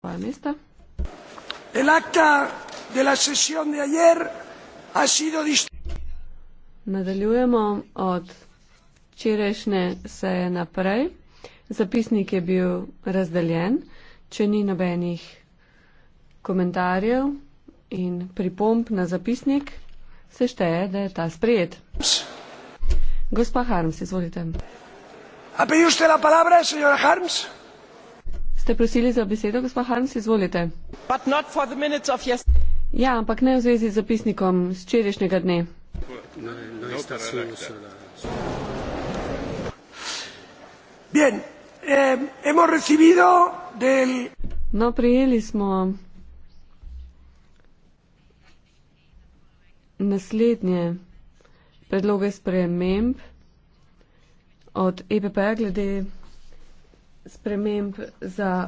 svoje mesto. El acta de la sesión de ayer ha sido Nadaljujemo od včerajšnje seje naprej. Zapisnik je bil razdeljen. Če ni nobenih komentarjev in pripomp na zapisnik, se šteje, da je ta sprejet. Gospa Harms, izvolite. Ha pedido usted la palabra, señora Harms? Ste prosili za besedo, gospod Harms, izvolite. Ja, ampak ne v zvezi z zapisnikom z včerajšnjega dne. No, prijeli smo naslednje predloge sprememb od EPP glede sprememb za